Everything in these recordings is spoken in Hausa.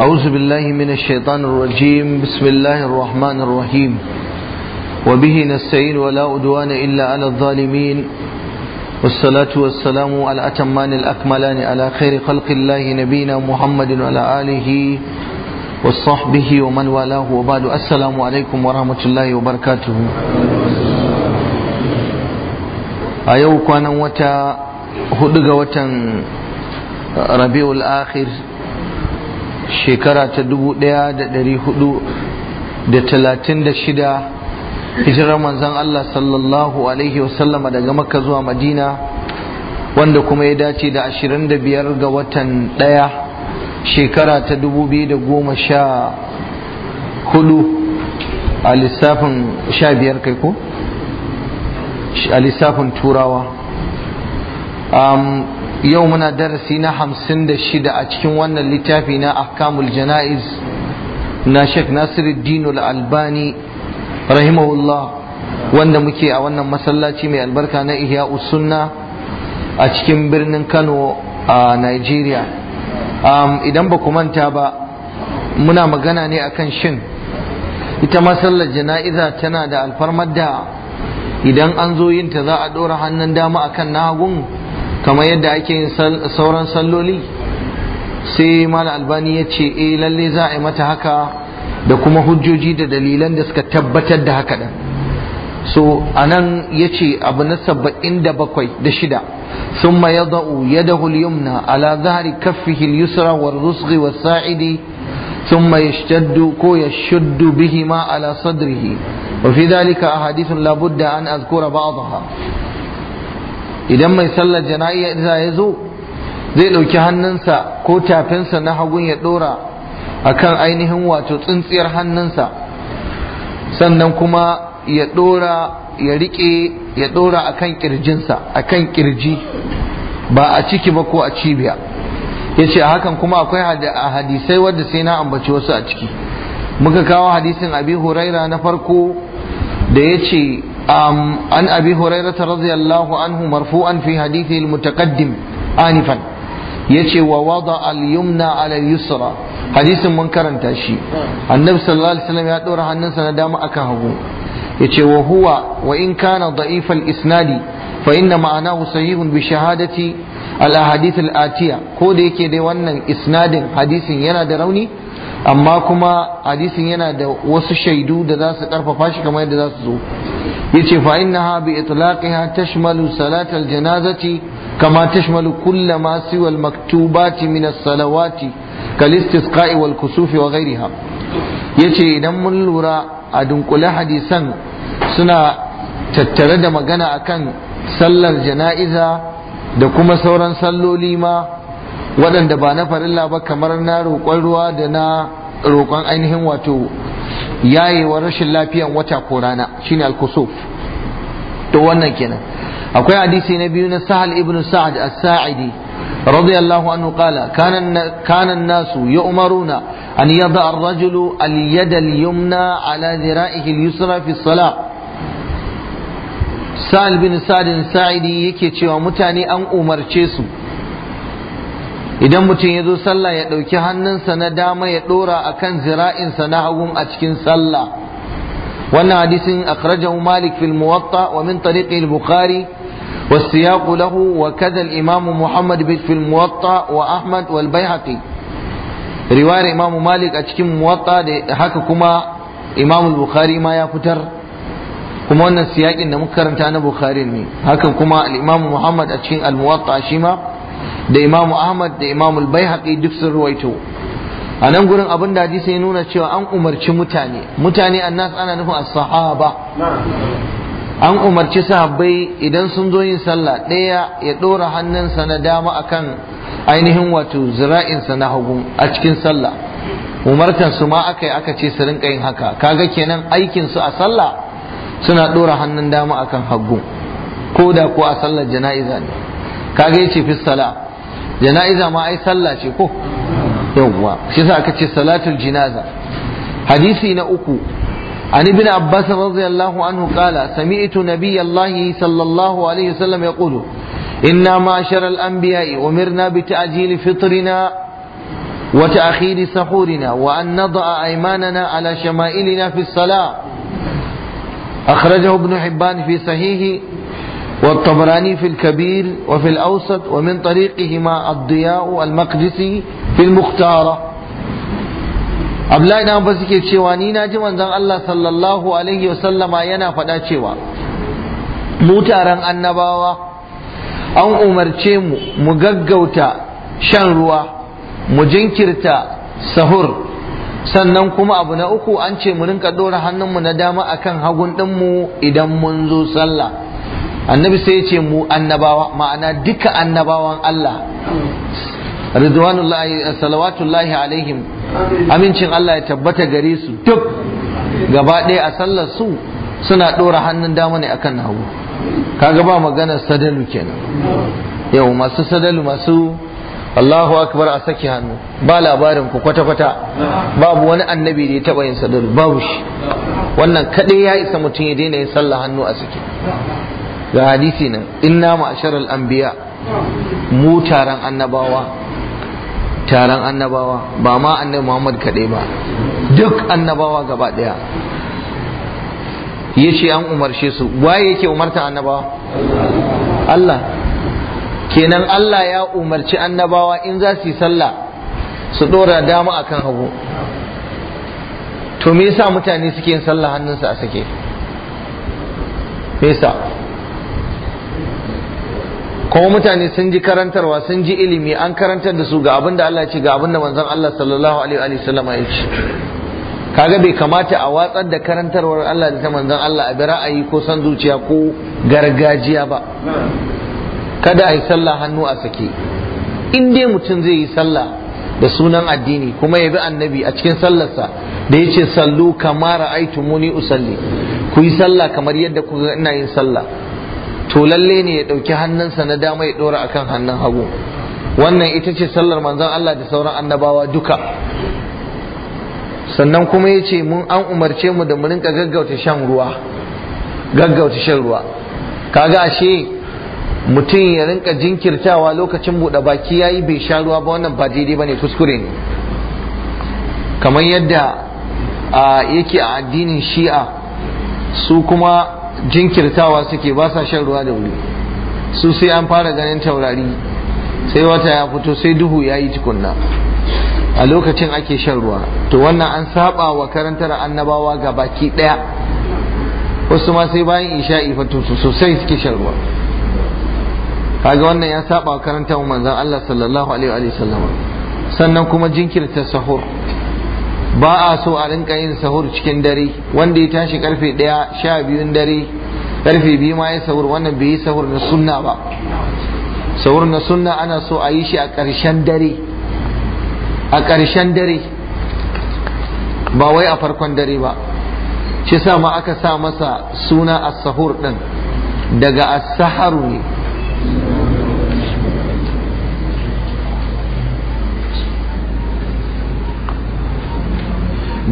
أعوذ بالله من الشيطان الرجيم بسم الله الرحمن الرحيم وبه نستعين ولا أدوان إلا على الظالمين والصلاة والسلام على أتمان الأكملان على خير خلق الله نبينا محمد وعلى آله وصحبه ومن والاه وبعد السلام عليكم ورحمة الله وبركاته أيوك أنا وتا هدق وتا ربيع الآخر shekara ta 1436 hijirar manzan Allah sallallahu alaihi wasallama daga makka zuwa madina wanda kuma ya dace da 25 ga watan ɗaya shekara ta 2014 a lissafin 15 kai ko a lissafin turawa yau muna darasi na hamsin da shida a cikin wannan littafi na ahkamul jana'iz na sheikh nasiruddin al-albani rahimahullah wanda muke a wannan masallaci mai albarka na ihya sunna a cikin birnin kano a nigeria idan ba ku manta ba muna magana ne akan shin ita masallar jana'iza tana da alfarmar da idan an zo yinta za a ɗora hannun dama akan na hagun kamar yadda ake yin sauran salloli sai mala albani ya ce eh lalle za a yi mata haka da kuma hujjoji da dalilan da suka tabbatar da haka din so anan ya ce abu na saba'in da bakwai da shida sun ma yada'u yadahu ala zahari kafi yusra wa rusghi wa sa'idi sun ma ko yashuddu bihi ma ala sadrihi wa fi a ahadithun labudda an azkura ba'daha idan mai sallar jana'iza ya zo zai ɗauki hannunsa ko tafinsa na hagun ya ɗora a kan ainihin wato tsintsiyar hannunsa sannan kuma ya ɗora ya riƙe ya ɗora a kan ƙirjinsa a kan ƙirji ba a ciki ba ko a cibiya ya ce a hakan kuma akwai hadisai wadda sai na ambaci wasu a ciki muka kawo hadisin abi huraira na farko da ya ce An أبي هريرة رضي الله عنه مرفوعا في حديثه المتقدم آنفا yace wa wada al-yumna ala al-yusra hadisin mun karanta shi annabi sallallahu alaihi wasallam ya dora hannunsa na dama akan hagu yace wa huwa wa in kana da'if isnadi fa inna ma'anahu sahihun bi shahadati al-ahadith atiya ko da yake dai wannan isnadin hadisin yana da rauni amma kuma hadisin yana da wasu shaidu da za su karfafa shi kamar yadda za su zo yace fa innaha bi itlaqiha tashmalu salatar janazati kama tashmalu kulla ma siwa maktubati min salawati kal istisqa'i wal kusufi wa ghayriha yace idan mun lura a dunkule hadisan suna tattare da magana akan sallar jana'iza da kuma sauran salloli ma waɗanda ba na farilla ba kamar na roƙon ruwa da na roƙon ainihin wato yayewa rashin lafiyan wata ko rana shine al-kusuf to wannan kenan akwai hadisi na biyu na sahal ibn sa'ad as-sa'idi radiyallahu anhu qala kana kana an-nasu yu'maruna an ar-rajulu al-yada al-yumna ala dhira'ihi al-yusra fi as-salah Sa'al bin Sa'ad as-Sa'idi yake cewa mutane an umarce su idan mutum ya zo sallah ya ɗauki hannunsa na dama ya ɗora a kan zira'insa na hagun a cikin sallah wannan hadisin akhrajahu malik fil muwatta wa min tariqi al bukhari wa siyaq lahu wa kadha al imam muhammad bin fil muwatta wa ahmad wal baihaqi riwayar imam malik a cikin muwatta da haka kuma imam al bukhari ma ya fitar kuma wannan siyakin da muka karanta na bukhari ne hakan kuma al imam muhammad a cikin al muwatta shi ma da imamu Ahmad da Imam al duk sun ruwaito a nan gurin abin da hadisi ya nuna cewa an umarci mutane mutane annas ana nufin as-sahaba an umarci sahabbai idan sun zo yin sallah ɗaya ya ɗora hannunsa na dama akan ainihin wato zira'insa na hagu a cikin sallah umartan su ma aka yi aka ce su rinka yin haka kaga kenan aikin su a sallah suna ɗora hannun dama akan hagu ko da ko a sallar jana'iza ne kaga ce fi sala jana'iza ma ai sallah ce ko yawwa shi sa aka ce salatul jinaza hadisi na uku an abbas radiyallahu anhu qala sami'tu nabiyallahi sallallahu inna ma'shara al umirna bi ta'jil fitrina wa ta'khir sahurina wa an nada'a ala shama'ilina fi as-salah hibban fi sahihi والطبراني في الكبير وفي الأوسط ومن طريقهما الضياء المقدسي في المختارة Abdullahi dan suke cewa ni na ji manzon Allah sallallahu alaihi wasallama yana faɗa cewa mu taron annabawa an umarce mu mu gaggauta shan ruwa mu jinkirta sahur sannan kuma abu na uku an ce mu rinka ɗora hannunmu na dama akan hagun ɗinmu idan mun zo sallah annabi sai ya ce mu annabawa ma'ana duka annabawan Allah ridwanullahi salawatullahi alaihim amincin Allah ya tabbata gare su duk gaba ɗaya a sallar su suna ɗora hannun dama ne akan hagu kaga ba maganar sadalu kenan yau masu sadalu masu Allahu akbar a saki hannu ba labarin ku kwata-kwata babu wani annabi da ya taba yin sadalu babu shi wannan kadai ya isa mutum ya daina yin sallah hannu a saki ga hadisi nan inna ma'ashar anbiya mu taron annabawa taron annabawa ba ma annabi muhammad kaɗai ba duk annabawa gaba ɗaya ya ce an umarce su waye yake umarta annabawa allah kenan allah ya umarci annabawa in za su yi sallah su ɗora dama akan hagu to me yasa mutane suke yin sallah hannunsa a sake me yasa kuma mutane sun ji karantarwa sun ji ilimi an karantar da su ga abin da Allah ce ga abin da manzon Allah sallallahu alaihi wa sallama ya ce kaga bai kamata a watsar da karantarwar Allah da ta manzon Allah a bi ra'ayi ko san zuciya ko gargajiya ba kada a yi sallah hannu a sake in dai mutum zai yi sallah da sunan addini kuma ya bi annabi a cikin sallarsa da yace sallu kamar aitumuni usalli ku yi sallah kamar yadda ku ga ina yin sallah to lalle ne ya ɗauki hannunsa na dama ya ɗora akan hannun hagu wannan ita ce sallar manzon Allah da sauran annabawa duka sannan kuma yace ce mun an umarce mu da mu rinka gaggauta shan ruwa gaggauta shan ruwa kaga ashe mutum ya rinka jinkirtawa lokacin buɗe baki yayi bai sha ruwa ba wannan ba daidai bane kuskure ne kamar yadda yake a addinin shi'a su kuma jinkirtawa suke ba sa shan ruwa da wuri su sai an fara ganin taurari sai wata ya fito sai duhu ya yi tukunna a lokacin ake shan ruwa to wannan an saba wa karantar annabawa ga baki daya wasu ma sai bayan isha'i fatu sosai suke shan ruwa kaga wannan ya saba wa karantar manzon Allah sallallahu alaihi wa sallama sannan kuma jinkirta sahur ba a so a rinka yin sahur cikin dare wanda ya tashi karfe ɗaya sha biyun dare karfe biyu ma ya sahur wannan bai yi sahur na sunna ba sahur na sunna ana so a yi shi a ƙarshen dare a ƙarshen dare ba wai a farkon dare ba shi sa ma aka sa masa suna a sahur ɗin daga as-saharu ne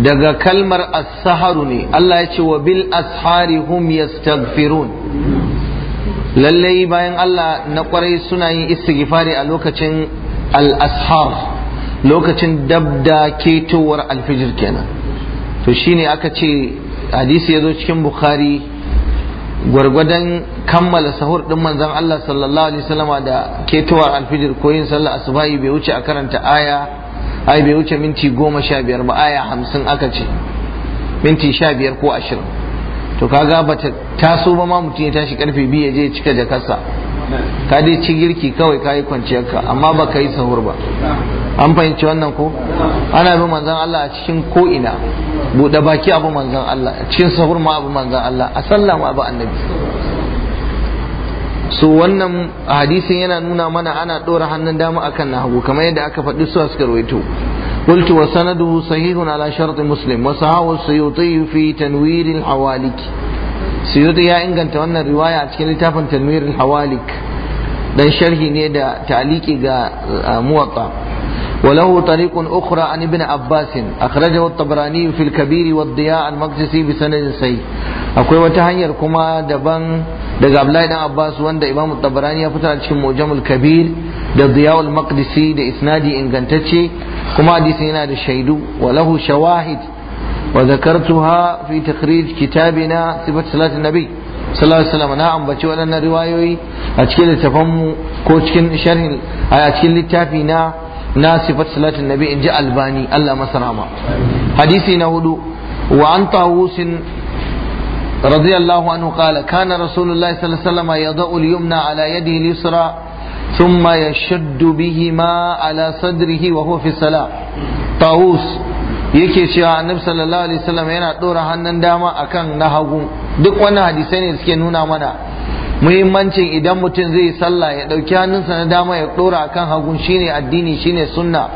daga kalmar asaharu ne Allah ya ce wa bil ashari hum yastaghfirun lallai bayan Allah na kwarai suna yin istighfari a lokacin al-ashar lokacin dabda ketowar alfijir kenan to shine aka ce hadisi ya zo cikin bukhari gwargwadon kammala sahur din manzon Allah sallallahu alaihi wasallama da ketowar alfijir ko yin sallah asubahi bai wuce a karanta aya ai bai wuce minti goma sha biyar ba aya hamsin aka ce minti sha biyar ko ashirin to kaga ba ta taso ba ma mutum ya tashi karfe biyu ya je cika jakarsa ka dai ci girki kawai ka yi kwanciyarka amma ba ka yi sahur ba an fahimci wannan ko ana bin manzan Allah a cikin ko'ina buɗe baki abu manzan Allah a cikin sahur ma abu manzan Allah a sallama abu annabi su wannan hadisin yana nuna mana ana ɗora hannun dama akan na hagu kamar yadda aka faɗi su suka rawaito qultu wa sanadu sahihun ala shart muslim wa sahahu suyuti fi tanwir al hawalik suyuti ya inganta wannan riwaya a cikin littafin tanwir hawalik dan sharhi ne da ta'aliki ga uh, muwatta وله طريق أخرى عن ابن عباس أخرجه akwai wata hanyar kuma daban daga Abdullahi dan Abbas wanda Imam Tabarani ya fitar cikin Mujamul Kabir da Diyawul Makdisi da isnadi ingantacce kuma hadisin yana da shaidu Walahu shawahid wa hafi fi takhrij kitabina sifat salatin nabi sallallahu alaihi wasallam na ambaci waɗannan riwayoyi a cikin littafin mu ko a cikin littafi na na sifat salatin nabi in ji albani Allah masarama hadisi na hudu wa an tawusin radiyallahu anhu qala kana rasulullahi sallallahu alaihi wasallam yada'u al-yumna ala yadihi al-yusra ثم يشد بهما على صدره وهو في الصلاة طاووس yake cewa annabi sallallahu alaihi wasallam yana dora hannun dama akan na hagu duk wannan hadisai ne suke nuna mana muhimmancin idan mutum zai sallah ya ɗauki hannunsa na dama ya ɗora kan hagun shine addini shine sunna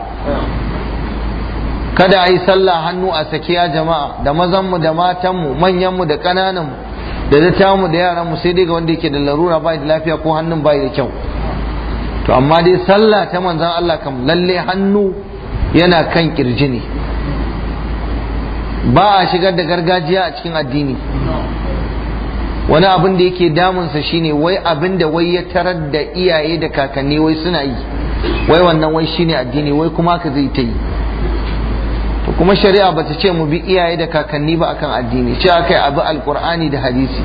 kada a yi sallah hannu a sakiya jama'a da mazanmu da matanmu manyanmu da ƙanananmu da dattanmu da yaranmu sai dai ga wanda yake da larura bai da lafiya ko hannun bai da kyau to amma dai sallah ta manzan Allah kam lalle hannu yana kan kirji ne ba a shigar da gargajiya a cikin addini wani abin da yake damunsa shine wai abin da wai ya tarar da iyaye da kakanni wai suna yi wai wannan wai shine addini wai kuma ka zai ta yi to kuma shari'a bata ce mu bi iyaye da kakanni ba akan addini ce akai abu alkur'ani da hadisi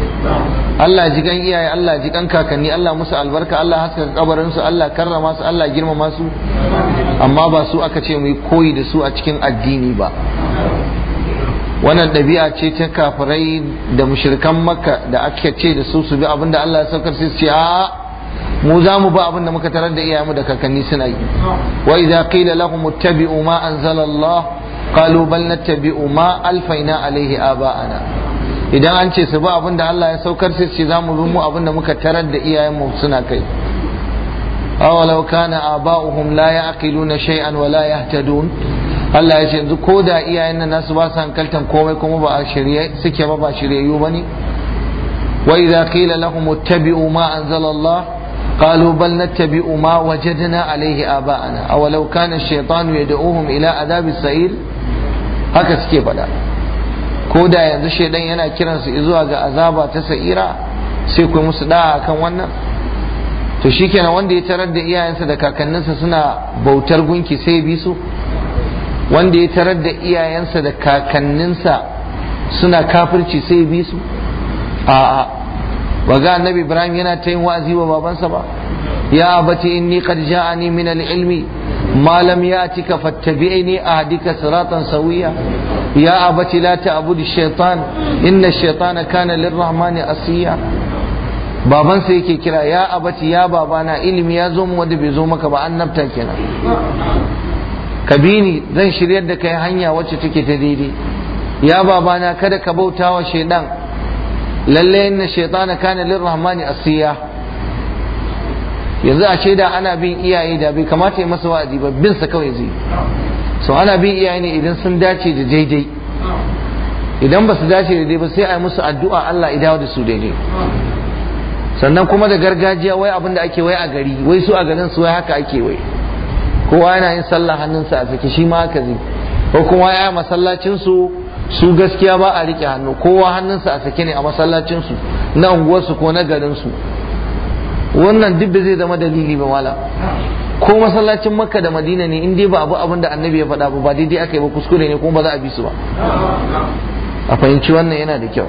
Allah ji gan iyaye Allah ji gan kakanni Allah musu albarka Allah haska kabarin su Allah karrama su Allah girmama su amma ba su aka ce mu yi koyi da su a cikin addini ba wannan ɗabi'a ce ta kafirai da mushrikan makka da ake ce da su su bi abinda da Allah ya saukar sai su a mu za mu ba abinda muka tarar da iyayenmu da kakanni suna yi wa idza qila lahum ittabi'u ma anzalallah Allah qalu bal nattabi'u ma alfaina alaihi aba'ana idan an ce su ba abinda Allah ya saukar sai su za mu bi mu abinda muka tarar da iyayenmu suna kai awalau kana aba'uhum la ya'qiluna shay'an wa la yahtadun Allah ya ce yanzu ko da iyayen nan nasu ba su hankaltan komai kuma ba a shirye suke ba ba shiryayyu ba ne wa idza qila lahum ittabi'u ma anzala Allah qalu bal nattabi'u ma wajadna alayhi aba'ana aw law kana ash-shaytanu yad'uhum ila adhabis sa'ir haka suke faɗa ko da yanzu shaidan yana kiransu zuwa ga azaba ta sa'ira sai ku musu da'a akan wannan to shikenan wanda ya tarar da iyayensa da kakanninsa suna bautar gunki sai bi su wanda ya tarar da iyayensa da kakanninsa suna kafirci sai bi su a'a ba ga annabi ibrahim yana ta yin wa'azi wa babansa ba ya abati inni qad ja'ani min al-ilmi ma lam ya'tika fattabi'ni ahdika siratan sawiya ya abati la ta'budu shaytan inna shaytana kana lir-rahmani asiya babansa yake kira ya abati ya babana ilimi ya zo mu wanda bai zo maka ba annabta kenan ka bi ni zan shiryar da kai hanya wacce take ta daidai ya babana kada ka bauta wa shaidan lalle inna shaitana kana lirrahmani asiya yanzu a shaida ana bin iyaye da bai kamata ya masa wa'azi ba bin sa kawai zai so ana bin iyaye ne idan sun dace da daidai idan ba su dace da daidai ba sai a yi musu addu'a Allah ya dawo da su daidai sannan kuma da gargajiya wai abin da ake wai a gari wai su a garin su wai haka ake wai kowa yana yin sallah hannunsa a sake shi ma haka zai ko kuma ya masallacin su su gaskiya ba a rike hannu kowa hannunsa a sake ne a masallacin su na unguwarsu ko na garin wannan duk zai zama dalili ba mala ko masallacin makka da madina ne in dai ba abu abin da annabi ya faɗa ba ba daidai aka yi ba kuskure ne kuma ba za a bi su ba a fahimci wannan yana da kyau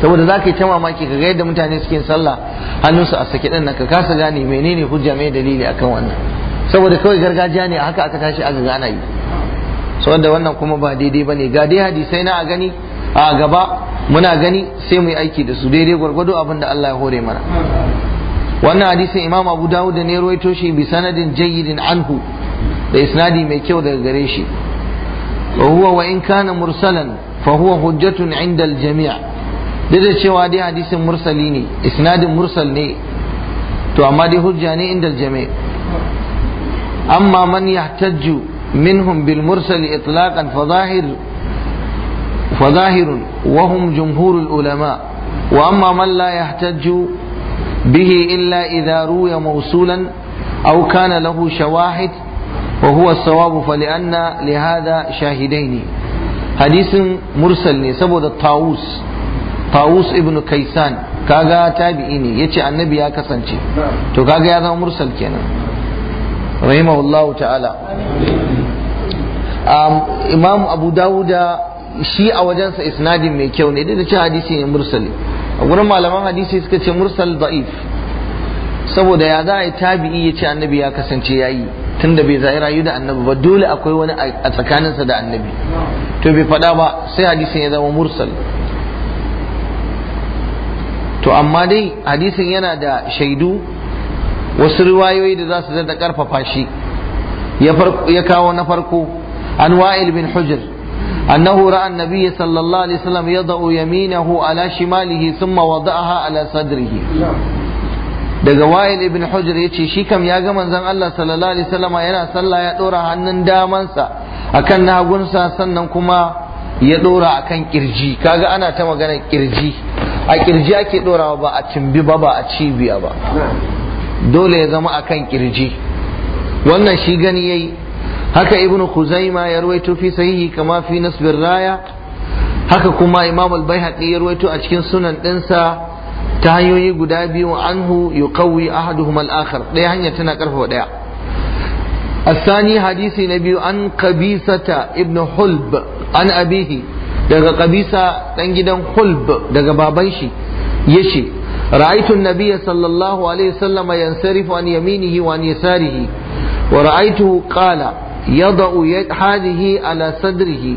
saboda za ka yi ta mamaki ka ga yadda mutane suke sallah hannunsu a sake ɗin nan ka kasa gane menene hujja mai dalili akan wannan saboda kawai gargajiya ne haka aka tashi aka gana yi saboda wannan kuma ba daidai bane ga dai hadisai na a gani a gaba muna gani sai mu yi aiki da su daidai gwargwado abin da Allah ya hore mana wannan hadisin Imam Abu Dawud ne ruwaito shi bi sanadin jayyidin anhu da isnadi mai kyau daga gare shi wa huwa wa in kana mursalan fa huwa hujjatun inda al-jami' duk da cewa dai hadisin mursali ne isnadin mursal ne to amma dai hujja ne inda al أما من يحتج منهم بالمرسل إطلاقا فظاهر فظاهر وهم جمهور العلماء وأما من لا يحتج به إلا إذا روي موصولا أو كان له شواهد وهو الصواب فلأن لهذا شاهدين حديث مرسل سبب الطاووس طاووس ابن كيسان كاغا تابعيني يتي النبي يا كسانشي تو كاغا يا مرسل كينا rahimahullahu ta'ala um, imam abu dawuda shi a wajensa isnadin mai kyau ne da ce hadisi ne mursali. a gurin malaman hadisi suka ce mursal da'if saboda ya za a yi tabi'i ya ce annabi ya kasance ya yi tun da bai zai rayu da annabi ba dole akwai wani a tsakaninsa da annabi to bai faɗa ba sai hadisin ya zama mursal to amma dai hadisin yana da shaidu wasu riwayoyi da za su dada karfafa shi ya kawo na farko an wa'il bin hujr annahu ra'a annabi sallallahu alaihi wasallam yada'u yaminahu ala shimalihi thumma wada'aha ala sadrihi daga wa'il ibn hujr yace shi kam ya ga manzon Allah sallallahu alaihi wasallam yana sallah ya dora hannun damansa akan nagunsa sannan kuma ya dora akan kirji kaga ana ta magana kirji a kirji ake dorawa ba a cimbi ba ba a cibiya ba dole ya zama a kan kirji wannan shi gani yayi haka ibnu khuzaima ya ruwaito fi sahihi kama fi nasbir raya haka kuma imam al-baihaqi ya ruwaito a cikin sunan dinsa ta hanyoyi guda biyu anhu yuqawi ahaduhuma al-akhar Ɗaya hanya tana karfafa daya الثاني حديث biyu عن قبيسة ابن حلب عن أبيه daga kabisa ɗan gidan hulb daga baban shi yace رأيت النبي صلى الله عليه وسلم ينصرف عن يمينه وعن يساره ورأيته قال يضع يد هذه على صدره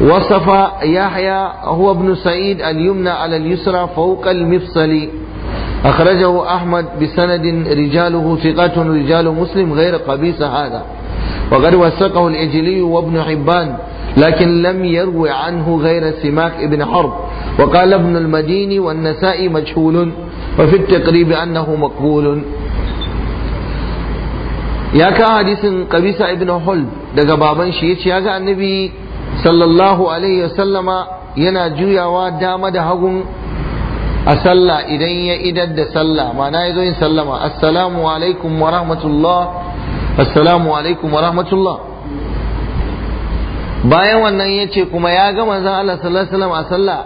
وصف يحيى هو ابن سعيد اليمنى على اليسرى فوق المفصل أخرجه أحمد بسند رجاله ثقة رجال مسلم غير قبيس هذا وقد وثقه الإجلي وابن حبان لكن لم يروي عنه غير سماك ابن حرب وقال ابن المديني والنسائي مجهول وفي التقريب أنه مقبول ya ka hadisin kabisa ibn hul daga baban shi yace ya ga annabi sallallahu alaihi wasallama yana juyawa dama da hagun a sallah idan ya idar da sallah ma'ana ya zo yin sallama assalamu alaikum wa rahmatullah alaikum wa bayan wannan yace kuma ya ga manzon Allah sallallahu alaihi wasallam a sallah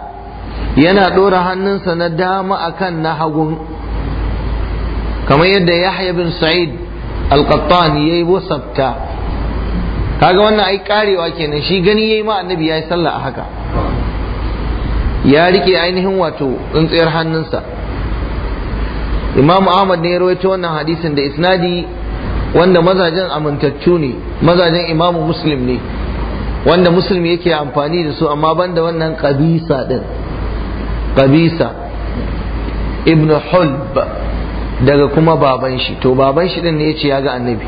yana ɗora hannunsa na dama akan na hagun kamar yadda yahya bin sa'id al-qattan yayi wasabta kaga wannan ai karewa kenan shi gani yayi ma annabi yayi sallah a haka ya rike ainihin wato tsintsiyar hannunsa Imam ahmad ne ya rawaito wannan hadisin da isnadi wanda mazajen amintattu ne mazajen imamu muslim ne wanda muslim yake amfani da su amma banda wannan kabisa din qabisa ibn hulb daga kuma baban shi to baban shi din ne yace ya ga annabi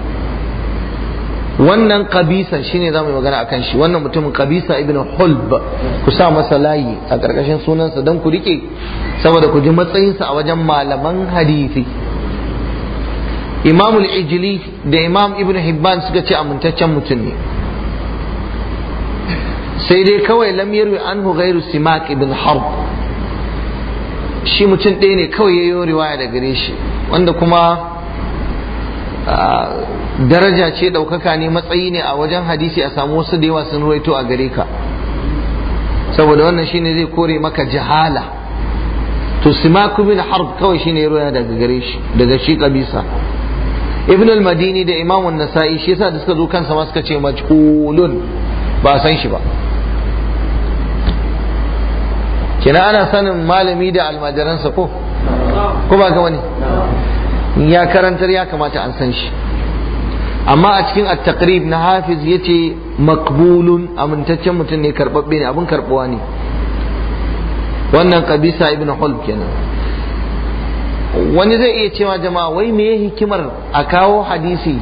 wannan qabisa shine zamu yi magana akan shi wannan mutumin qabisa ibn hulb ku sa masa layi a karkashin sunansa dan ku rike saboda ku ji matsayin sa a wajen malaman hadisi imamul ijili da imam ibn hibban suka ce amintaccen mutum ne sai dai kawai lam yarwi anhu ghairu simak ibn harb shi mutum ɗaya ne kawai yayo riwaya da gare shi wanda kuma daraja ce ɗaukaka ne matsayi ne a wajen hadisi a samu wasu da yawa sun ruwaito a gare ka saboda wannan shine zai kore maka jahala to simaku kubin harb kawai shine ya ruwa daga gare shi daga shi kabisa ibn al-madini da imamun nasai shi yasa da suka zo kansa ma suka ce majhulun ba san shi ba kina ana sanin malami da almajiransa ko ko ba ga wani ya karantar ya kamata an san shi amma a cikin at-taqrib na hafiz yace maqbulun amintaccen mutum ne karbabbe ne abin karbuwa ne wannan qabisa ibn hulb kenan wani zai iya cewa jama'a wai me hikimar a kawo hadisi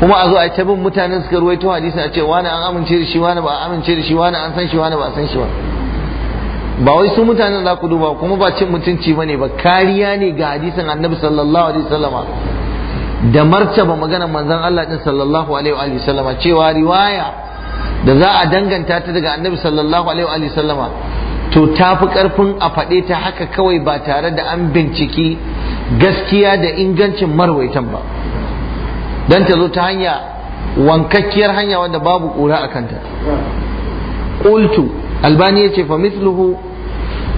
kuma a zo a bin mutanen suka ruwaito hadisi a ce wani an amince da shi wani ba amince da shi wani an san shi wani ba a san shi ba ba wai su mutanen za ku duba kuma ba cin mutunci ba ne ba kariya ne ga hadisin annabi sallallahu alaihi wasallama da martaba maganar manzon Allah din sallallahu alaihi wa wasallama cewa riwaya da za a danganta ta daga annabi sallallahu alaihi wa wasallama to ta fi karfin a faɗe ta haka kawai ba tare da an binciki gaskiya da ingancin marwaitan ba don ta zo ta hanya wankakkiyar hanya wanda babu ƙura a kanta ƙultu albani ya ce fa mithluhu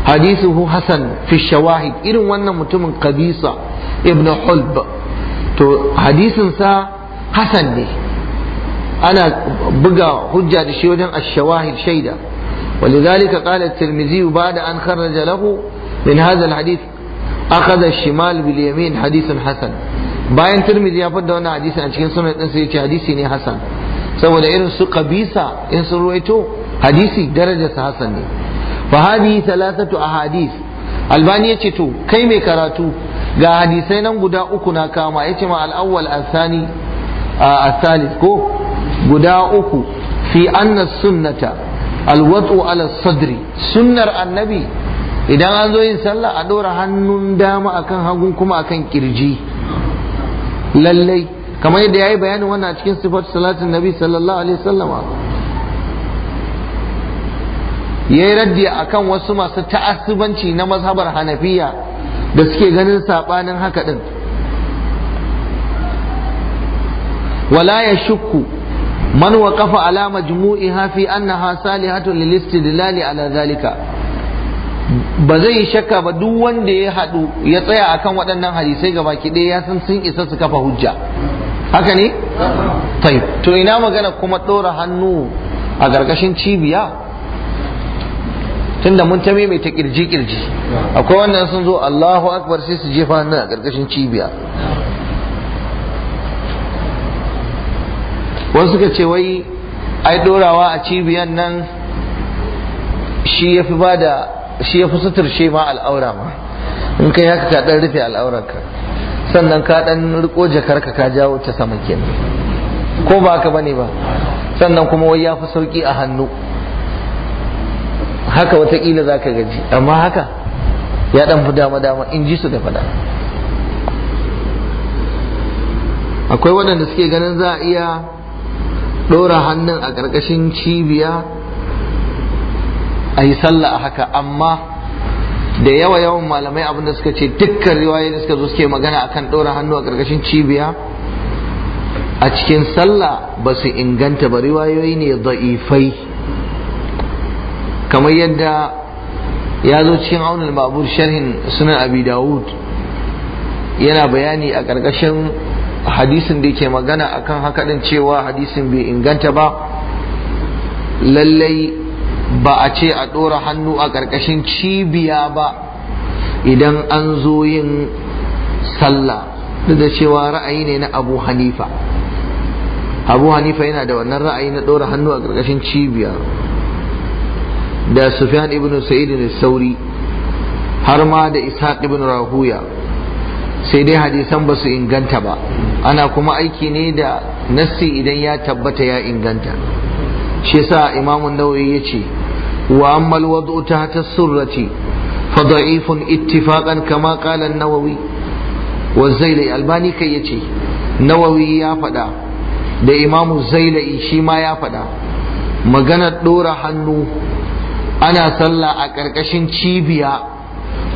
hadithuhu hasan fi shawahid irin wannan mutumin kabisa ibnu hulb to hadisinsa hasan ne ana buga hujja da shi wajen ashawahid shaida ولذلك ba da an أن خرج له من هذا الحديث أخذ الشمال باليمين حديث حسن bayan tirmidhi ya fadda wannan hadisin a cikin sunan din sai ya hadisi ne hasan saboda irin su kabisa in sun ruwaito hadisi darajarsa hasan ne fa salasatu thalathatu ahadith albani yace to kai mai karatu ga hadisai nan guda uku na kama yace ma al-awwal al-thani al ko guda uku fi anna sunnata al-wad'u ala sadri sunnar annabi idan an zo yin sallah a dora hannun dama akan hagun kuma akan kirji lallai kamar yadda yayi bayanin wannan a cikin sifatu salatin nabi sallallahu alaihi wasallama ya yayi raddi kan wasu masu ta'asibanci na mazhabar hanafiya da suke ganin saɓanin haka ɗin? wala ya shukku man alama ala hafi fi annaha salihatun lil istidlali ala zalika ba zai shakka ba duk wanda ya haɗu ya tsaya akan waɗannan hadisai ga baki ɗaya ya san sun isa su kafa hujja haka ne? to ina magana kuma ɗora hannu a ƙarƙashin cibiya tunda mun ta maimaita kirji kirji akwai wannan sun zo Allahu akbar sai su jefa nan a karkashin cibiya wasu suka ce wai ai dorawa a cibiyan nan shi yafi ba da shi ma al'aura ma in kai haka ka dan rufe al'aurarka sannan ka dan riko jakarka ka jawo ta sama kenan ko ba haka bane ba sannan kuma wai yafi sauki a hannu haka watakila za ka gaji amma haka ya dan fi dama dama in ji su da fada akwai waɗanda suke ganin za a iya ɗora hannun a ƙarƙashin cibiya a yi sallah a haka amma da yawa yawan malamai abinda suka ce dukkan riwaye da suka zo suke magana akan ɗora hannu a ƙarƙashin cibiya a cikin sallah ba su inganta ba riwayoyi ne da'ifai kamar yadda ya zo cikin aunin babur sharhin sunan abi dawud yana bayani a ƙarƙashin hadisin da yake magana akan haka din cewa hadisin bai inganta ba lallai ba a ce a ɗora hannu a ƙarƙashin cibiya ba idan an zo yin sallah duk da cewa ra'ayi ne na abu hanifa abu hanifa yana da wannan ra'ayi na ɗora hannu a ƙarƙashin cibiya da sufyan ibn sa'id sauri har ma da ishaq ibn rahuya sai dai hadisan ba su inganta ba ana kuma aiki ne da nassi idan ya tabbata ya inganta shi sa imamun nawawi ya ce wa ammal wad'u tahta surrati fa da'ifun ittifaqan kama qala nawawi wa zailai albani kai yace nawawi ya faɗa da imamu zailai shi ma ya faɗa maganar ɗora hannu ana sallah a ƙarƙashin cibiya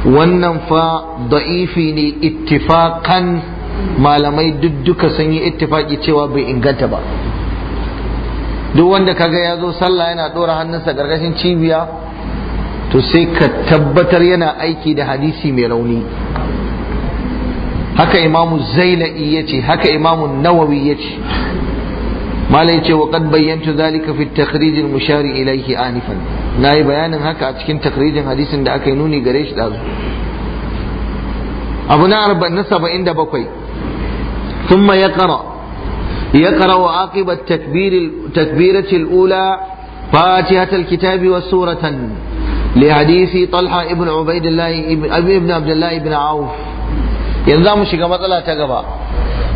wannan fa da'ifi ne ittifakan malamai duk duka sun yi ittifaki cewa bai inganta ba duk wanda kaga ya zo sallah yana ɗora hannunsa ƙarƙashin cibiya to sai ka tabbatar yana aiki da hadisi mai rauni haka imamu zaina'i ya ce haka imamu nawawi ya ce malai bayyanta wa kad bayyantu zalika fi takhrijil mushari ilaihi anifan na yi bayanin haka a cikin takrijin hadisin da aka yi nuni gare shi ɗazu abu na arba'in na saba'in da bakwai sun ma ya kara ya kara wa aqibar takbiratul ula fatihatul kitabi wa suratan li hadisi talha ibn ubaidillah ibn abdullah ibn auf yanzu mu shiga matsala ta gaba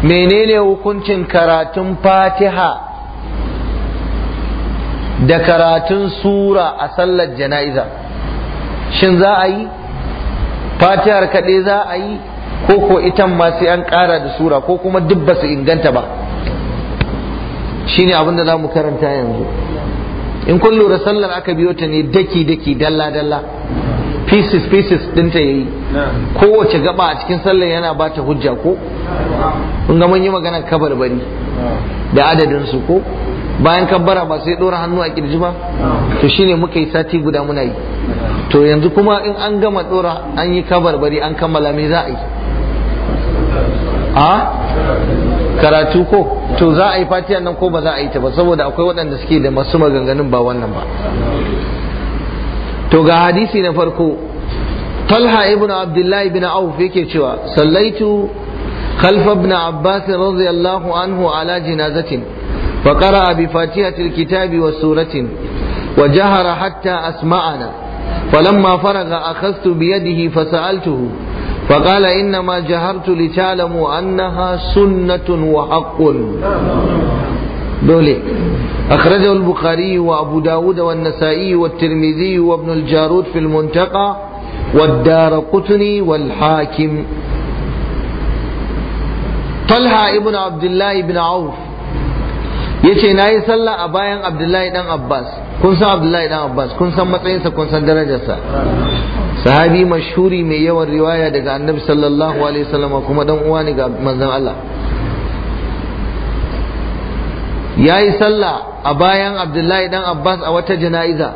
menene hukuncin karatun fatiha da karatun sura a sallar jana'iza shin za a yi fatihar kaɗe za a yi ko ko itan ma sai an ƙara da sura ko kuma duk ba su inganta ba Shi ne abinda za mu karanta yanzu in kun lura sallar aka biyo ta ne daki daki dalla dalla pieces pieces dinta yi. kowace gaba a cikin sallar yana ba ta hujja ko kun ga mun yi Kabar kabarbari da adadinsu su ko bayan kabbara ba sai dora hannu a kirji ba to shine muka yi sati guda muna yi to yanzu kuma in an gama dora an yi kabar bari an kammala me za a yi a ah? karatu ko to za a yi fatiha nan ko ba za a yi ta ba saboda akwai waɗanda suke da masu maganganun ba wannan ba to ga hadisi na farko talha ibn abdullahi ibn auf yake cewa sallaitu خلف ابن عباس رضي الله عنه على وقرأ بفاتحة الكتاب وسورة وجهر حتى أسمعنا فلما فرغ أخذت بيده فسألته فقال إنما جهرت لتعلموا أنها سنة وحق دولي أخرجه البخاري وأبو داود والنسائي والترمذي وابن الجارود في المنتقى والدار قتني والحاكم طلحة ابن عبد الله بن عوف yace nayi sallah a bayan Abdullahi dan Abbas kun san Abdullahi dan Abbas kun san matsayinsa kun san darajarsa sahabi mashhuri mai yawan riwaya daga Annabi sallallahu alaihi wasallam kuma dan uwa ne ga manzon Allah ya yi sallah a bayan Abdullahi dan Abbas a wata jana'iza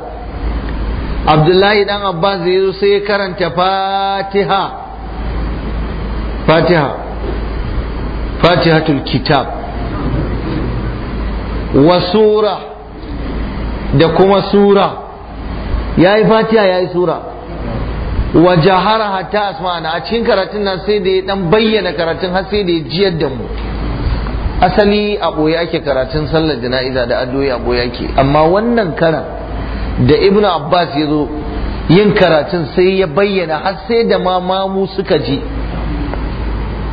Abdullahi dan Abbas zai zo sai ya karanta Fatiha Fatiha Fatihatul Kitab wa sura da kuma sura ya yi fatiha ya yi sura wa jahara hatta asma'ana a cikin karatun nan sai da ya dan bayyana karatun har sai da ya jiyar da mu asali a ake karatun sallar jana'iza da addu'o'i a ake amma wannan karan da Ibnu abbas ya zo yin karatun sai ya bayyana har sai da ma mamu suka ji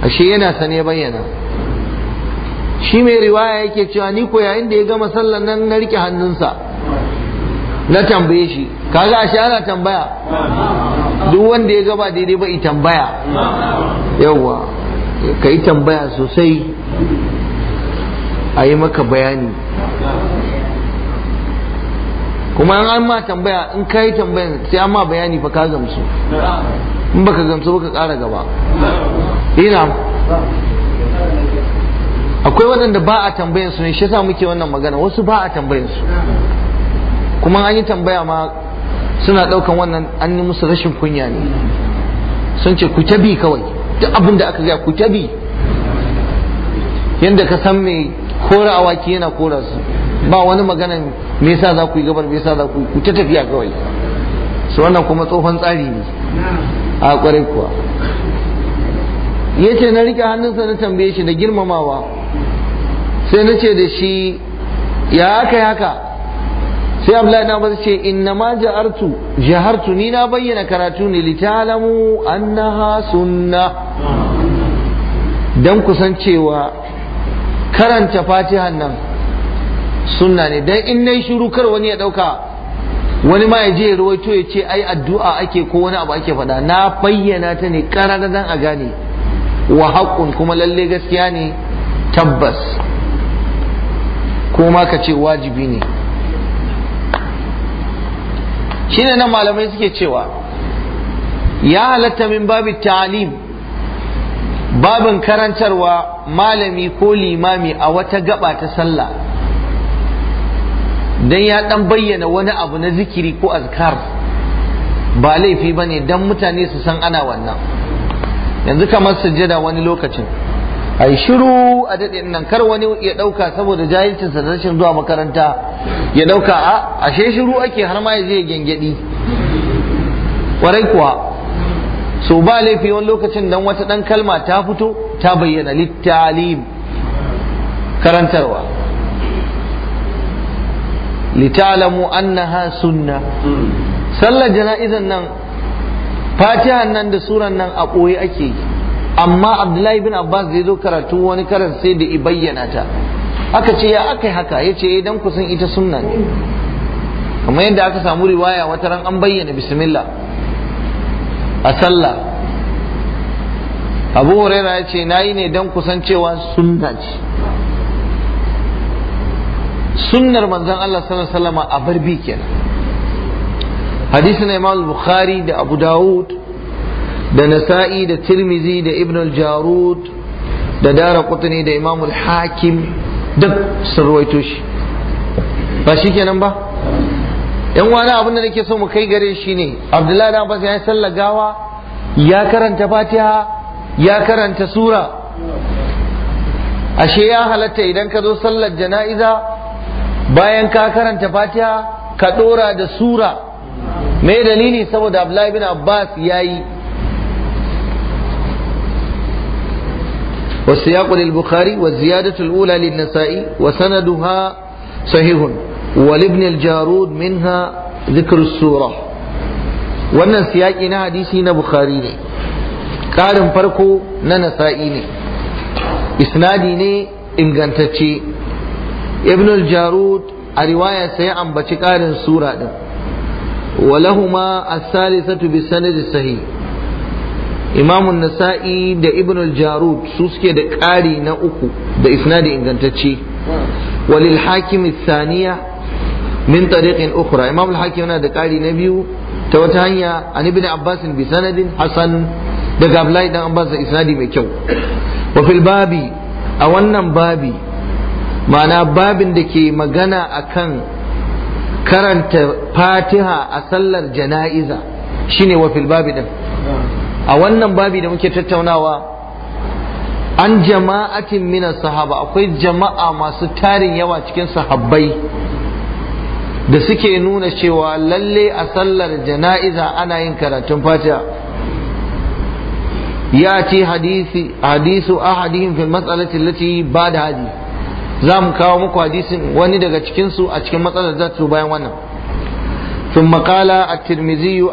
ashe yana sane bayyana shi mai riwaya yake cewa ni ko yayin da ya gama sallan nan na rike hannunsa na tambaye shi kaga ashe ana tambaya duk wanda ya gaba daidai ba i tambaya yawwa ka yi tambaya sosai a yi maka bayani kuma an an ma tambaya in ka yi tambayan sai an ma bayani fa ka gamsu in baka gamsu baka ƙara gaba ina akwai waɗanda ba a tambayin su ne shi yasa muke wannan magana wasu ba a tambayin su kuma an yi tambaya ma suna ɗaukan wannan an yi musu rashin kunya ne sun ce ku tabi kawai duk abin da aka gaya ku tabi yadda ka san mai kora awaki yana kora su ba wani maganan me yasa za ku yi gabar me yasa za ku yi ku tafiya kawai su wannan kuma tsohon tsari ne a kwarai kuwa ya ce na rike hannunsa na tambaye shi da girmamawa sai na ce da shi ya haka haka sai abdullahi na basu ce inna ma ja'artu jahartu ni na bayyana karatu ne litalamu annaha sunna dan kusancewa karanta fatihan nan sunna ne dan in nayi shiru kar wani ya dauka wani ma ya je ruwaito ya ce ai addu'a ake ko wani abu ake faɗa na bayyana ta ne dan a gane wa haƙƙun kuma lalle gaskiya ne tabbas ko ka ce wajibi ne Shi ne nan malamai suke cewa ya halatta min babi ta'alim babin karantarwa malami ko limami a wata gaba ta sallah don ya ɗan bayyana wani abu na zikiri ko azkar ba laifi ba ne don mutane su san ana wannan yanzu kamar sujjada wani lokacin ai shiru a daɗe nan kar wani ya ɗauka saboda jahilcinsa da rashin zuwa makaranta ya ɗauka a ashe shiru ake har ma ya je gyangyaɗi ƙwarai kuwa so ba laifi wani lokacin dan wata ɗan kalma ta fito ta bayyana littalim karantarwa litalamu annaha sunna sallar jana'izan nan fatihan nan da suran nan a ɓoye ake yi amma abdullahi bin abbas da ya zo karatu wani karan sai da i bayyana ta aka ce ya aka yi haka ya ce idan eh, ku san ita sunna ne kamar yadda aka samu riwaya wata ran an bayyana bismillah a sallah abu huraira ya ce na yi ne don kusan cewa sunna ce sunnar manzon allah sallallahu alaihi wasallam a barbi kenan hadisin imam bukhari da abu dawud da nasa'i da tirmizi da ibn al-jarud da dara kutani da imam al-hakim duk sun ruwaito shi ba shi kenan ba yan wani abin da nake so mu kai gare shi ne abdullahi da abbas ya yi sallar gawa ya karanta fatiha ya karanta sura ashe ya halatta idan ka zo sallar jana'iza bayan ka karanta fatiha ka ɗora da sura me dalili saboda Abdullahi bin Abbas yayi والسياق للبخاري والزيادة الأولى للنسائي وسندها صحيح ولابن الجارود منها ذكر السورة wannan siyaki na hadisi na bukhari ne ƙarin farko na nasa'i ne isnadi ne ingantacce ibn jarud a riwaya sai ambaci ƙarin sura ɗin. ولهما الثالثة بالسند الصحيح إمام النسائي دا ابن الجارود سوسكي دا قاري نا أكو دا إسناد إن وللحاكم الثانية من طريق أخرى إمام الحاكم دا قاري نبيو توتانيا عن ابن عباس بسند حسن دا قابلاي دا عباس إسنادي ميكو وفي الباب أولنا بابي ma'ana babin da ke magana akan karanta fatiha a sallar jana'iza shine wa fil babi din a wannan babi da muke tattaunawa an jama'atin mina sahaba akwai jama'a masu tarin yawa cikin sahabbai da suke nuna cewa lalle a sallar jana'iza ana yin karatun fatiha ya ce hadisu ahadihim fil mas'alati lati ba da hadisi za mu kawo muku hadisin wani daga cikinsu a cikin matsalar za su bayan wannan sun makala a tirmizi yu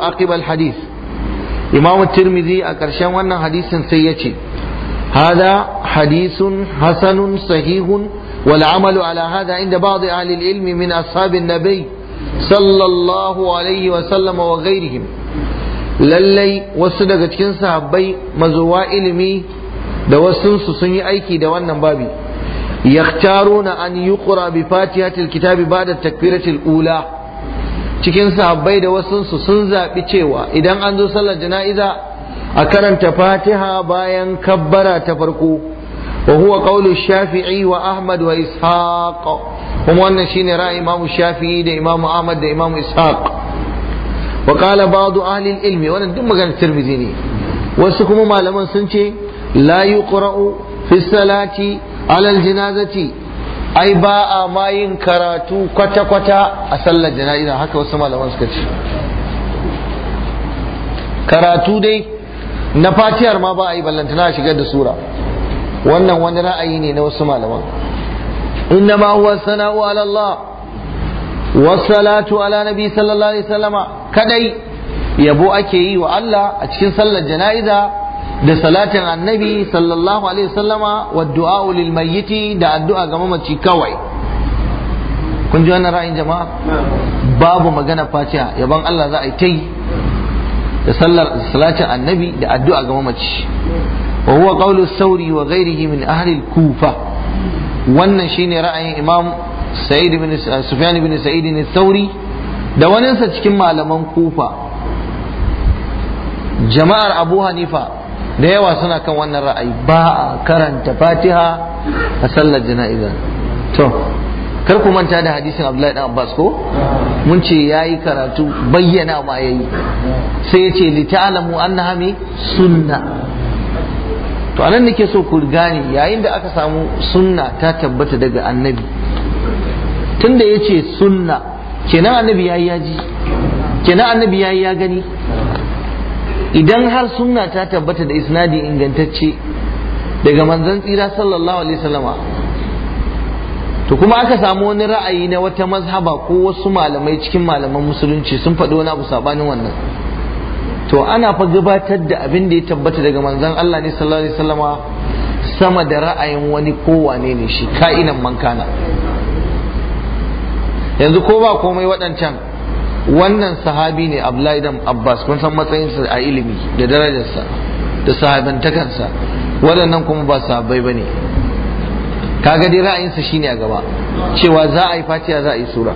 hadis imamu tirmizi a ƙarshen wannan hadisin sai ya ce hada hadisun hasanun sahihun wal amalu ala hada inda bazu ahli ilmi min ashabin nabi sallallahu alaihi wa sallam wa ghairihim lallai wasu daga cikin sahabbai mazuwa ilimi da wasu sun yi aiki da wannan babi yaktaruna an yuqra bi fatihatil kitabi ba'da takbiratil ula cikin sahabbai da wasansu sun zaɓi cewa idan an zo sallar jana'iza a karanta fatiha bayan kabbara ta farko wa huwa qawlu shafi'i wa ahmad wa ishaq kuma wannan shine ra'ayi Imam shafi'i da Imam ahmad da Imam ishaq wa qala ba'du ahli ilmi wannan duk maganar tirmidhi ne wasu kuma malaman sun ce la yuqra'u fi salati alal janazati ai ba a mayin karatu kwata-kwata a sallar jana'iza haka wasu malaman suka ce karatu dai na fatiyar ma ba a yi ballantana a shigar da sura wannan wani ra'ayi ne na wasu malaman Inda ma huwa sana'u ala Allah salatu ala nabi sallallahu alaihi wasallama kadai yabo ake yi wa Allah a cikin sallar jana'iza da salatin annabi sallallahu alaihi wasallama wa du'a lil mayyiti da addu'a ga mamaci kawai kun ji wannan ra'ayin jama'a babu magana fatiha yaban Allah za a yi tai da sallar salatin annabi da addu'a ga mamaci wa huwa qawlu sauri wa ghairihi min ahli kufa wannan shine ra'ayin imam sa'id ibn sufyan ibn sa'id ibn sauri da waninsa cikin malaman kufa jama'ar abu hanifa da yawa suna kan wannan ra'ayi ba a karanta fatiha a sallar jana'iza to kar manta da hadisin abdullahi dan abbas ko mun ce yayi karatu bayyana ma yayi sai yace li ta'lamu annaha mi sunna to anan nake so ku gane yayin da aka samu sunna ta tabbata daga annabi tunda yace sunna kenan annabi yayi yaji kenan annabi yayi ya gani idan har sunna ta tabbata da isnadi ingantacce daga manzan tsira sallallahu alaihi wasallama to kuma aka samu wani ra'ayi na wata mazhaba ko wasu malamai cikin malaman musulunci sun faɗi wani abu sabanin wannan to ana fa gabatar da abin da ya tabbata daga manzan Allah ne sallallahu alaihi wasallama sama da ra'ayin wani kowane ne shi ka'inan mankana yanzu ko ba komai waɗancan wannan sahabi ne Abdullahi dan Abbas kun san matsayinsa a ilimi da darajarsa da sahabantakansa waɗannan kuma ba sahabbai bane kaga dai ra'ayinsa shine a gaba cewa za a yi Fatiya za a yi sura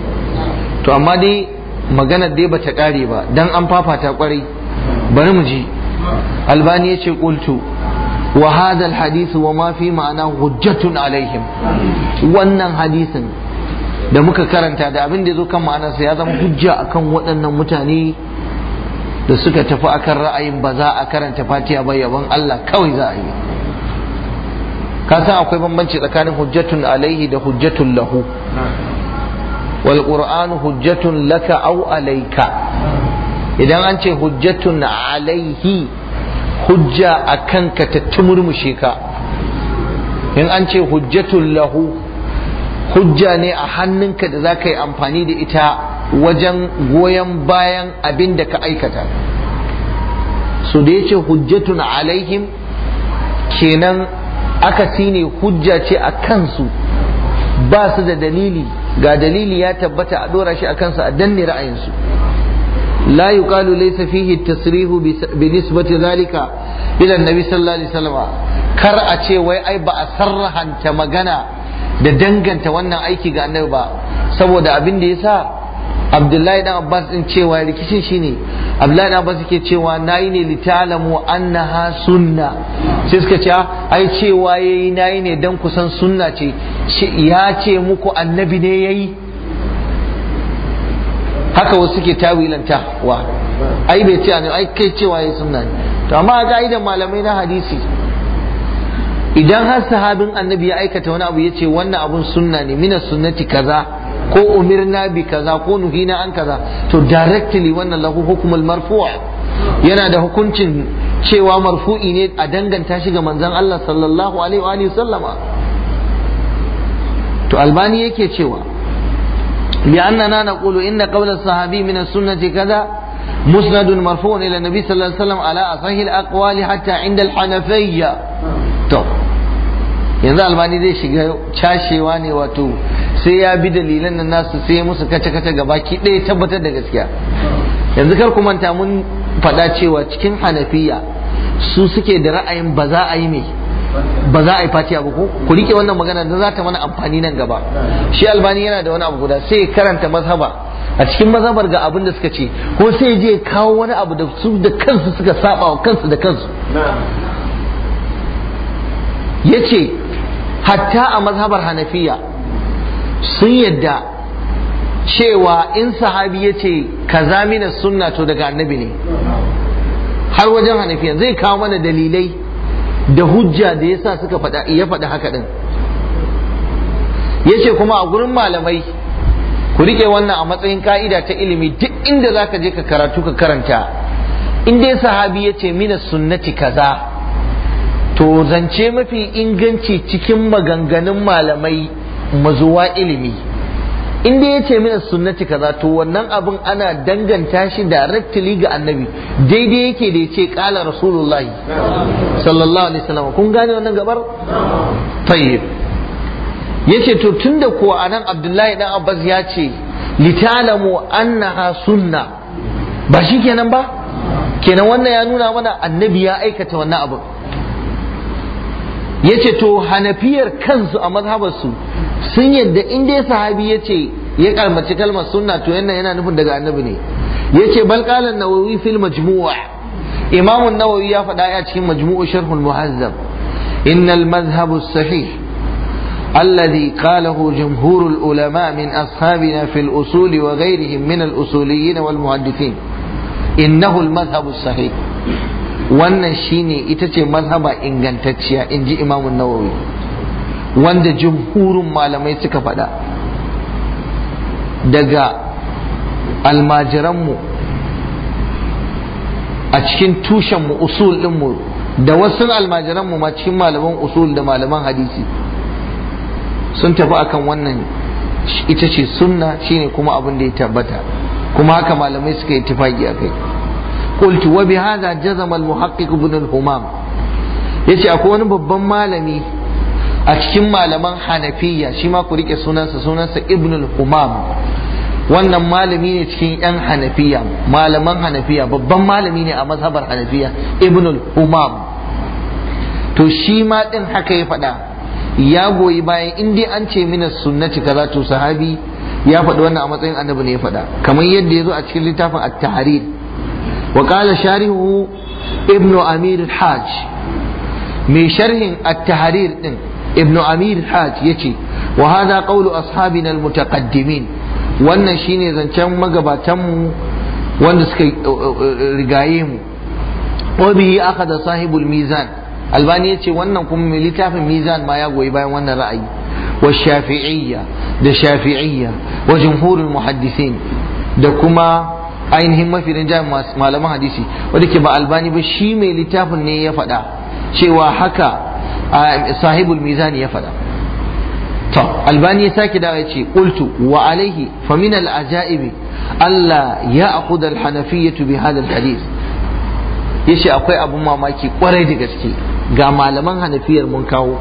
to amma dai maganar dai bata kare ba dan an fafata kwarai bari mu ji albani yace qultu wa hadha alhadith wa ma fi ma'ana hujjatun alaihim wannan hadisin da muka karanta da abin da ya zo kan ma'anarsa ya zama hujja akan waɗannan mutane da suka tafi akan ra'ayin ba za a karanta Fatiya ba yaban Allah kawai za a yi ka san akwai bambanci tsakanin hujjatun alaihi da hujjatun lahu wal qur'an hujjatun laka aw alayka idan an ce hujjatun alaihi hujja akan ka ta tumurmushe ka in an ce hujjatun lahu hujja ne a hannunka da za ka yi amfani da ita wajen goyon bayan abin da ka aikata su da ya ce hujjatun alaihim kenan aka ne hujja ce a kansu ba su da dalili ga dalili ya tabbata a dora shi a kansu a danne ra'ayinsu لا tasirihu ليس فيه التصريح بنسبة nabi sallallahu alaihi صلى kar a ce wai ai ba a sarrahanta magana. da danganta wannan aiki ga annabi ba saboda abin da yasa Abdullahi dan Abbas din cewa rikicin shine Abdullahi dan Abbas yake cewa nayi ne litalamu annaha sunna sai suka ce ah, ai cewa yayi nayi ne dan kusan sunna ce ya ce muku annabi ne yayi haka wasu suke tawilanta wa ai bai ce ai kai cewa yayi sunna ne to amma ga idan malamai na hadisi idan har sahabin annabi ya aikata wani abu ya ce wannan abun sunna ne mina sunnati kaza ko umirna bi kaza ko nuhina an kaza to directly wannan lahu hukumul marfu' yana da hukuncin cewa marfu'i ne a danganta shi ga manzon Allah sallallahu alaihi wa sallama to albani yake cewa bi annana naqulu inna qawla sahabi min as-sunnati kaza مسند مرفوع الى النبي صلى الله عليه وسلم على اصح الاقوال حتى عند الحنفيه طب yanzu albani zai shiga cashewa ne wato sai ya bi dalilan nan nasu sai musu kace kace gaba ki ɗaya tabbatar da gaskiya yanzu kar ku manta mun faɗa cewa cikin hanafiya su suke da ra'ayin ba za a yi me ba za a yi fatiya ba ko ku rike wannan magana da za ta mana amfani nan gaba shi albani yana da wani abu guda sai karanta mazhaba a cikin mazhabar ga abin da suka ce ko sai je kawo wani abu da su da kansu suka saba wa kansu da kansu yace hatta a mazhabar hanafiya sun yadda cewa in sahabi ya ce kaza mina suna to daga annabi ne har wajen hanafiya zai kawo mana dalilai da hujja da yasa suka faɗa ya faɗi haka din yace kuma a gurin malamai ku rike wannan a matsayin ka'ida ta ilimi duk inda zaka je ka karatu ka karanta in dai sahabi ya ce mina sunnati kaza to zance mafi inganci cikin maganganun malamai mazuwa ilimi inda ya ce mina sunnati kaza to wannan abin ana danganta shi directly ga annabi daidai yake da ya ce kala rasulullahi sallallahu alaihi wasallam kun gane wannan gabar tayyib yace to tunda ko anan abdullahi dan abbas ya ce litalamu annaha sunna ba shi kenan ba kenan wannan ya nuna mana annabi ya aikata wannan abin Yace to hanafiyar kansu a mazhabarsu sun yadda in dai sahabi ya ce ya kalmaci kalmar sunna to yana yana nufin daga annabi ne Yace ce bal qalan nawawi fil majmu'a imam nawawi ya faɗa a cikin majmu'u sharh al muhazzab inna al madhhab as sahih alladhi qalahu ulama min ashabina fil usul wa ghayrihim minal al usuliyyin wal muhaddithin innahu al madhhab wannan shine ita ce mazhaba ingantacciya in ji imamun nawawi wanda jumhurin malamai suka faɗa daga almajiranmu a cikin tushenmu usul ɗinmu da wasu almajiranmu ma cikin malaman usul da malaman hadisi sun tafi akan wannan ita ce sunna shine kuma abin da ya tabbata kuma haka malamai suka yi tufagi a kai qultu wa bihadha jazama al-muhaqqiq ibn al-humam yace akwai wani babban malami a cikin malaman hanafiya shi ma ku rike sunansa sunansa ibn al-humam wannan malami ne cikin yan hanafiya malaman hanafiya babban malami ne a mazhabar hanafiya ibn al-humam to shi ma din haka ya faɗa ya goyi bayan in dai an ce mina sunnati kaza to sahabi ya faɗi wannan a matsayin annabi ne ya faɗa kamar yadda ya zo a cikin littafin at-tahrir وقال شارحه ابن أمير الحاج من شرح التحرير ابن أمير الحاج يتي وهذا قول أصحابنا المتقدمين wannan shine zancen magabatanmu wanda suka uh, uh, uh, rigaye mu wabihi aka da sahibul mizan albani ya ce wannan kuma mai littafin mizan ma ya goyi bayan wannan ra'ayi wa shafi'iyya da shafi'ayya wa jumhurul muhaddisin da kuma ainihin mafi masu malaman hadisi wanda ke ba albani ba shi mai littafin ne ya faɗa cewa haka sahibul mizani ya faɗa to albani ya sake dawo ya ce qultu wa alaihi fa min al ajaibi alla ya'khud al hanafiyyah bi hadha al hadith yace akwai abun mamaki kwarai da gaske ga malaman hanafiyar mun kawo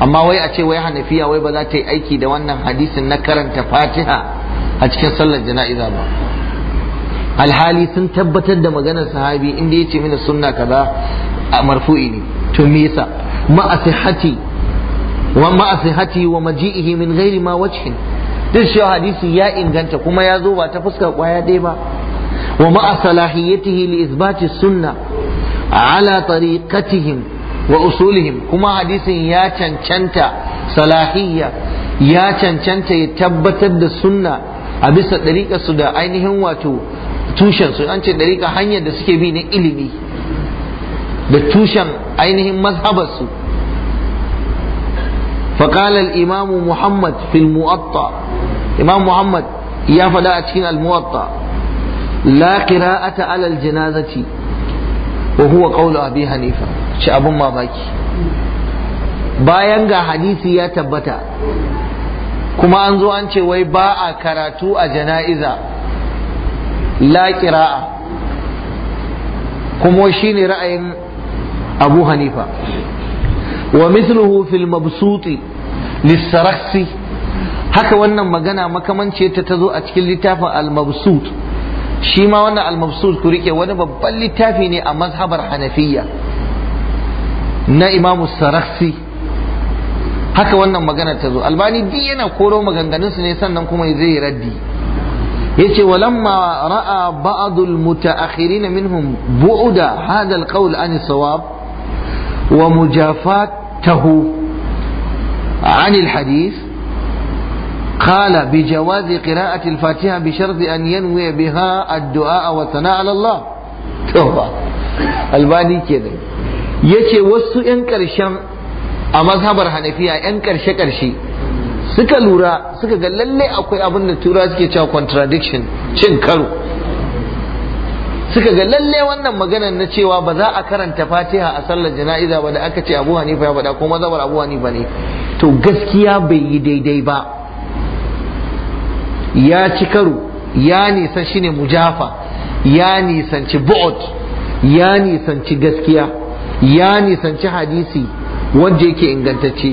amma wai a ce wai hanafiya wai ba za ta yi aiki da wannan hadisin na karanta fatiha a cikin sallar jana'iza ba alhali sun tabbatar da maganar sahabi inda ya ce mini sunna kaza a marfu'i ne to me ma'asihati wa ma'asihati wa maji'ihi min ghairi ma wajhin duk shi hadisi ya inganta kuma ya zo ba ta fuskar kwaya ɗaya ba wa ma'a li isbati sunna ala tariqatihim wa usulihim kuma hadisin ya cancanta salahiyya ya cancanta ya tabbatar da sunna a bisa dariƙarsu da ainihin wato Tushensu, an ce dariƙa hanyar da suke bi na ilimi da tushen ainihin mazhabarsu فقال الإمام محمد في الموطأ إمام محمد يا فلا أتكين الموطأ لا قراءة على الجنازة وهو قول أبي حنيفة شعب ما باكي bayan ga hadisi ya tabbata kuma an zo an ce wai ba a karatu a jana'iza la qira'a kuma shine ra'ayin Abu Hanifa wa mithluhu fil mabsuti lisaraksi haka wannan magana makamanci ta tazo a cikin littafin al-mabsut shi ma wannan al-mabsut ku rike wani babban littafi ne a mazhabar Hanafiya na Imam Saraksi haka wannan magana ta zo albani duk yana koro maganganunsu ne sannan kuma zai raddi yace walamma ra'a ba'd al-mutaakhirin minhum bu'da hadha al-qawl an sawab wa mujafatahu عن الحديث قال بجواز قراءة الفاتحة بشرط أن ينوي بها الدعاء والثناء على الله توبة الباني كده يتي وسو إن كرشم أمذهب الحنفية إن كرش كرشي suka lura suka ga lalle akwai abin da tura suke cewa contradiction cin karo suka ga lalle wannan maganar na cewa ba za a karanta fatiha a sallar jana'iza ba da aka ce abu hanifa ya faɗa ko mazabar abu hanifa ne to gaskiya bai yi daidai ba ya ci karo ya nisan shine mujafa ya nisanci bu'ot, ya nisanci gaskiya ya nisanci hadisi wanda yake ingantacce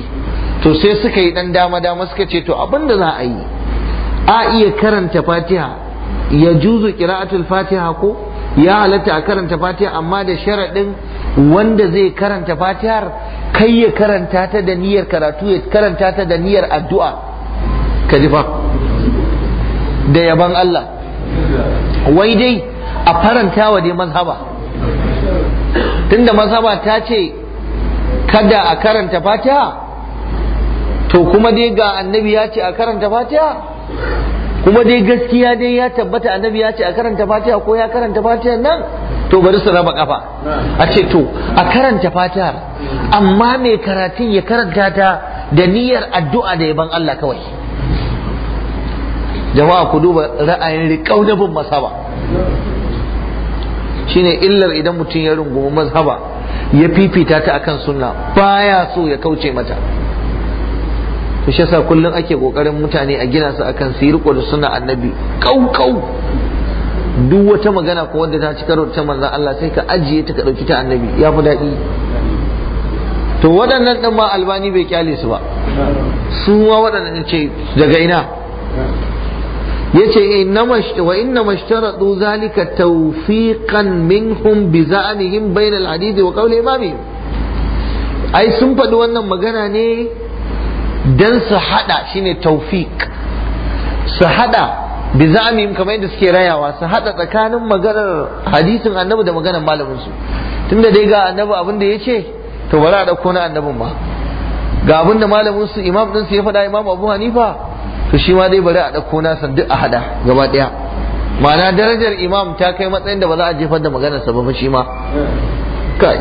to sai suka yi dan dama dama suka ce to abin da za a yi a iya karanta fatiha ya juzu kira'atul fatiha ko ya halatta a karanta fatiha amma da sharaɗin wanda zai karanta fatihar kai ya karanta ta da niyyar karatu ya karanta ta da niyyar addu'a ka fa da yaban Allah wai dai a faranta wa dai mazhaba tunda mazhaba ta ce kada a karanta fatiha to kuma dai ga annabi ya ce a karanta fatiha kuma dai gaskiya dai ya tabbata annabi ya ce a karanta fatiha ko ya karanta fatiha nan to bari su raba kafa a ce to a karanta fatihar amma mai karatun ya karanta ta da niyyar addu'a da yaban Allah kawai jama'a ku duba ra'ayin riƙau na bin masaba shine illar idan mutum ya rungumi mazhaba ya fifita ta akan sunna baya so ya kauce mata to shi yasa kullum ake kokarin mutane a gina su akan su yi riko da annabi kaukau duk wata magana ko wanda ta ci karo ta manzon Allah sai ka ajiye ta ka dauki ta annabi ya fi daɗi to waɗannan din ma albani bai kyale su ba su ma waɗannan ce daga ina yace wa inna mashtaratu zalika tawfiqan minhum bi za'anihim bainal hadidi wa qawli imamihim ai sun faɗi wannan magana ne dan su hada shine tawfiq su hada bi za'amim kamar yadda suke rayawa su hada tsakanin maganar hadisin annabi da maganar malamin su tunda dai ga annabi abin da ce to ba za a dauko na annabin ba ga abin da malamin su imam din su ya faɗa imam Abu Hanifa to shi ma dai bari a dauko na san duk a hada gaba daya ma'ana darajar imam ta kai matsayin da ba za a jefar da maganar sa ba shi ma kai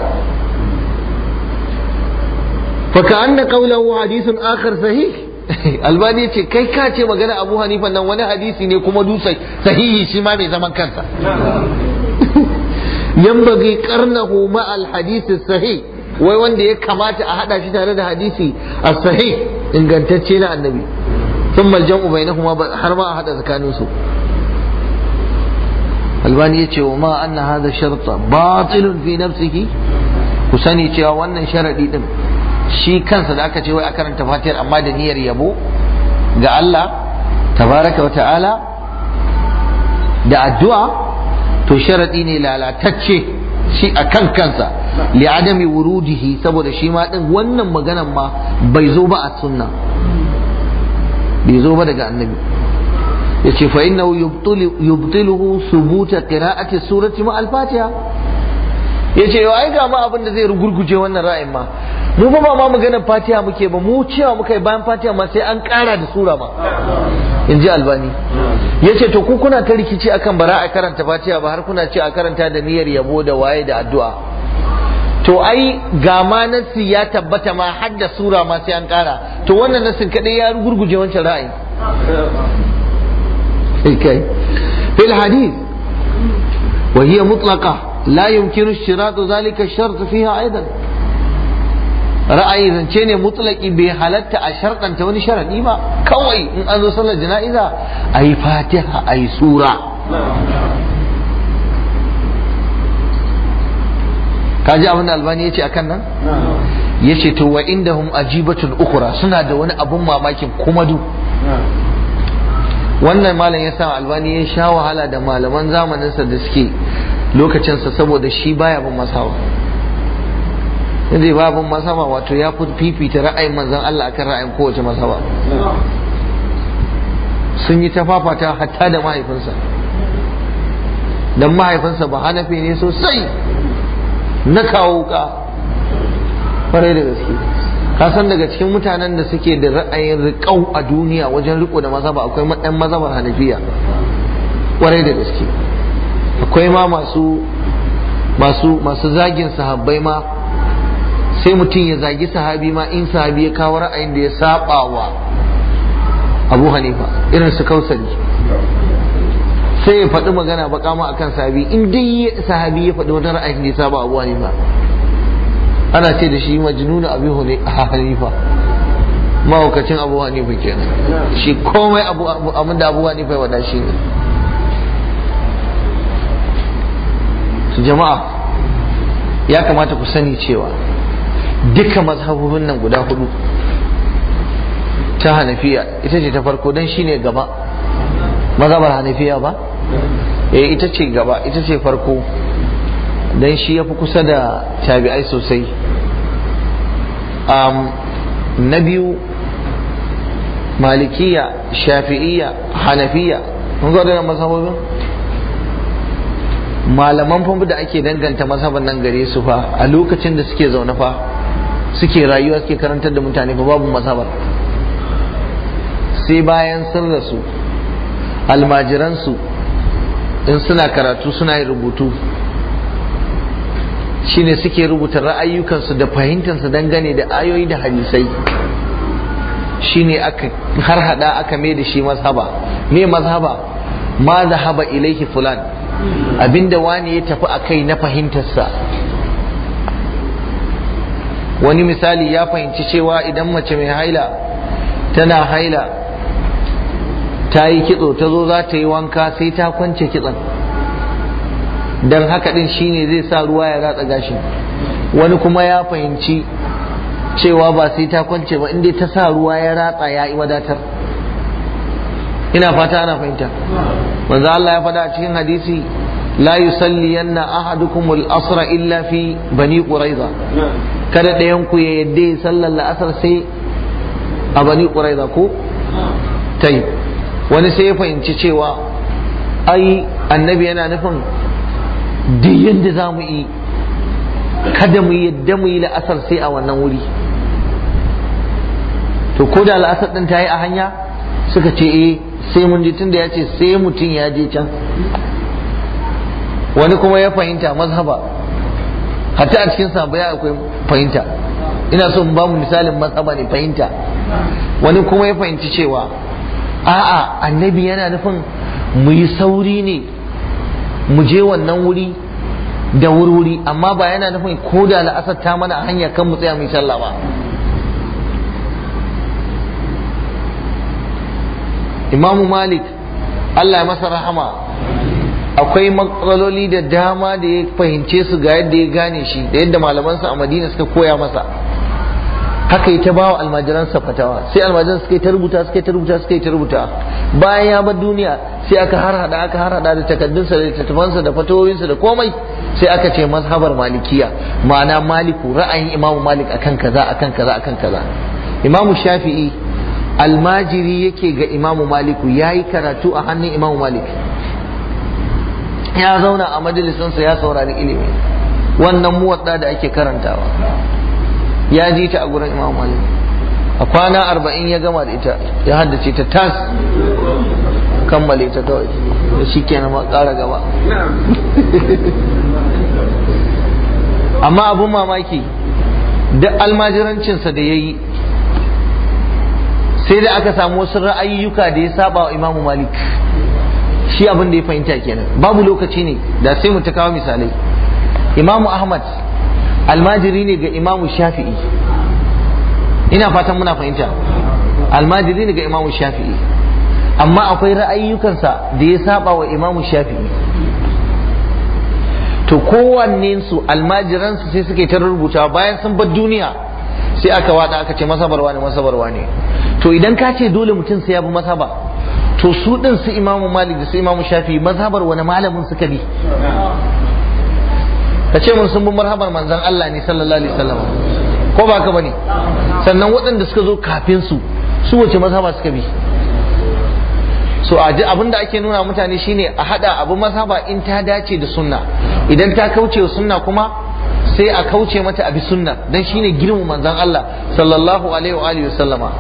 fa ka anna qawluhu hadithun akhar sahih albani ce kai ka ce magana abu hanifa nan wani hadisi ne kuma dusai sahihi shi ma mai zaman kansa yambagi karnahu ma al hadith sahih wai wanda ya kamata a hada shi tare da hadisi a sahih ingantacce na annabi sun ثم الجمع kuma har ma a hada tsakaninsu albani ya ce wa ma anna hadha sharta batilun fi nafsihi ku sani cewa wannan sharadi din shi kansa da aka ce wai a karanta fatiyar amma da niyyar yabo ga Allah tabaraka wa ta'ala da addu'a to sharadi ne lalatacce shi a kan kansa adami wurudihi saboda shi ma din wannan maganar ma bai zo ba a sunna bai zo ba daga annabi yace fa innahu yubtiluhu subuta qira'ati surati ma al-fatiha yace yau ai ga ma abin da zai rugurguje wannan ra'ayin ma mu ba ma magana fatiha muke ba mu cewa muka yi bayan fatiha ma sai an kara da sura ma in ji albani ya ce to ku kuna ta rikici akan bara a karanta fatiha ba har kuna ce a karanta da niyyar yabo da waye da addu'a to ai ga ma nassi ya tabbata ma har da sura ma sai an kara to wannan nassin kadai ya gurguje wancan ra'ayi eh, kai fil hadith wa hiya mutlaqa la yumkinu ishtiratu zalika ash-shart fiha aidan ra'ayi zance ne mutlaki bai halatta a sharɗanta wani sharaɗi ba kawai in an zo sallar jana'iza a yi fatiha a yi sura ka ji abin da albani ya ce akan nan ya ce to wa inda hum ajibatul ukura suna da wani abun mamakin kuma du wannan malam ya sa albani ya sha wahala da malaman zamaninsa da suke lokacinsa saboda shi baya bin masawa zai babin masama wato ya fi fifita ra'ayin manzan Allah akan ra'ayin kowace masaba sun yi ta fafata hatta da mahaifinsa don mahaifinsa ba hanafi ne sosai na kawo ka kwarai da gaske kasan daga cikin mutanen da suke da ra'ayin riƙau a duniya wajen riko da mazhaba akwai ɗan mazhabar hanafiya kwarai da gaske akwai ma masu masu masu zagin sahabbai ma sai mutum ya zagi sahabi ma in sahabi ya kawo ra'ayin da ya saba wa abu hanifa irin su kausari sai ya faɗi magana baka ma akan sahabi in dai sahabi ya faɗi wata ra'ayin da ya saba abu hanifa ana ce da shi majnuna abu hanifa mawakacin abu hanifa kenan shi komai abin da abu hanifa ya wada shi ne jama'a ya kamata ku sani cewa duka mazhabobin nan guda hudu ta hanafiya ita ce ta farko don shine gaba mazhabar hanafiya ba eh ita ce gaba ita ce farko don shi ya fi kusa da tabi'ai sosai na biyu malikiya shafi'iya hanafiya mun zo da mazhabobin malaman fa da ake danganta mazhaban nan gare su fa a lokacin da suke zaune fa suke rayuwa suke karantar da mutane ba babu mazhabar sai bayan sun rasu almajiransu in suna karatu suna yi rubutu shine suke rubuta ra'ayyukansu da fahimtansu dangane da ayoyi da hadisai shine aka har hada aka mai da shi mazhaba me mazhaba ma zahaba ilaihi fulan abinda wani ya tafi a kai na fahimtarsa wani misali ya fahimci cewa idan mace mai haila tana haila ta yi kitso ta zo za ta yi wanka sai ta kwance kitson don haka din ne zai sa ruwa ya ratsa gashin wani kuma ya fahimci cewa ba sai ta kwance ba inda ta sa ruwa ya ratsa ya yi wadatar ina fata ana fahimta manzo Allah ya faɗa a cikin hadisi la yusalliyanna ahadukum al-asra illa fi bani quraiza kada ɗayan ku ya yadda ya sallar la'asar sai a bani da ku ta yi wani sai ya fahimci cewa ai annabi yana nufin duk yadda za mu yi kada mu yadda mu yi la'asar sai a wannan wuri to ko da la'asar ɗin ta yi a hanya suka ce eh sai mun ji tunda ya ce sai mutum ya je can wani kuma ya fahimta mazhaba hatta a cikin sabaya akwai fahimta ina so mu bamu misalin matsaba ne fahimta wani kuma ya fahimci cewa a'a annabi yana nufin mu yi sauri ne mu je wannan wuri da wurwuri amma ba yana nufin ko da la'asar ta mana a hanya kan mu tsaya mu sallah ba imamu malik Allah ya masa rahama akwai matsaloli da dama da ya fahimce su ga yadda ya gane shi da yadda malamansa a madina suka koya masa haka ta bawa almajiransa fatawa sai almajiran suka yi ta rubuta suka yi ta rubuta suka yi ta rubuta bayan ya bar duniya sai aka har hada aka har hada da takaddunsa da littattafansa da fatawoyinsa da komai sai aka ce mazhabar malikiya ma'ana maliku ra'ayin imamu malik akan kaza akan kaza akan kaza imamu shafi'i almajiri yake ga imamu maliku yayi karatu a hannun imamu malik ya zauna a majalisinsa ya saurari ilimi wannan muwadda da ake karantawa ya ji ta a gurin imam malik a kwana arba'in ya gama da ita ya haddace ta tas kammale ta kawai da shi ke nama ƙara gaba amma abun mamaki duk almajirancinsa da ya yi sai da aka samu wasu ra'ayyuka da ya saba wa imamu malik shi abin da ya fahimta kenan babu lokaci ne da sai mu ta kawo misalai imamu ahmad almajiri ne ga imamu shafi'i ina fatan muna fahimta almajiri ne ga imamu shafi'i amma akwai ra'ayyukansa da ya saba wa imamu shafi'i to kowanne su almajiransu sai suke ta rubuta bayan sun bar duniya sai aka wada aka ce masabarwa ne masabarwa ne to idan ka ce dole mutum sai ya bi masaba to su din su imamu malik da su imamu shafi mazhabar wani malamin suka bi ka ce mun sun bi marhabar manzan Allah ne sallallahu alaihi wasallam ko ba ka bane sannan waɗanda suka zo kafin su su wace mazhaba suka bi so abin da ake nuna mutane shine a hada abu mazhaba in ta dace da sunna idan ta kauce sunna kuma sai a kauce mata abi sunna dan shine girman manzan Allah sallallahu alaihi wa alihi wasallama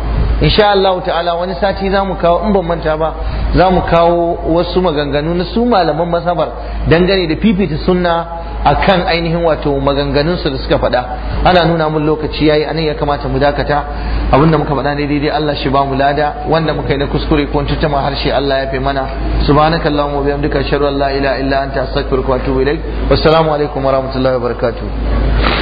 insha Allah ta'ala wani sati za mu kawo in ban manta ba za mu kawo wasu maganganu na su malaman masabar dangane da fifita sunna akan ainihin wato maganganun su da suka faɗa ana nuna mun lokaci yayi anan ya kamata mu dakata abinda muka faɗa ne daidai Allah shi ba mu lada wanda muka yi na kuskure ko ma harshe Allah ya fi mana subhanakallahumma wa bihamdika ashhadu an la ilaha illa anta astaghfiruka wa atubu ilaik wassalamu alaikum wa wabarakatuh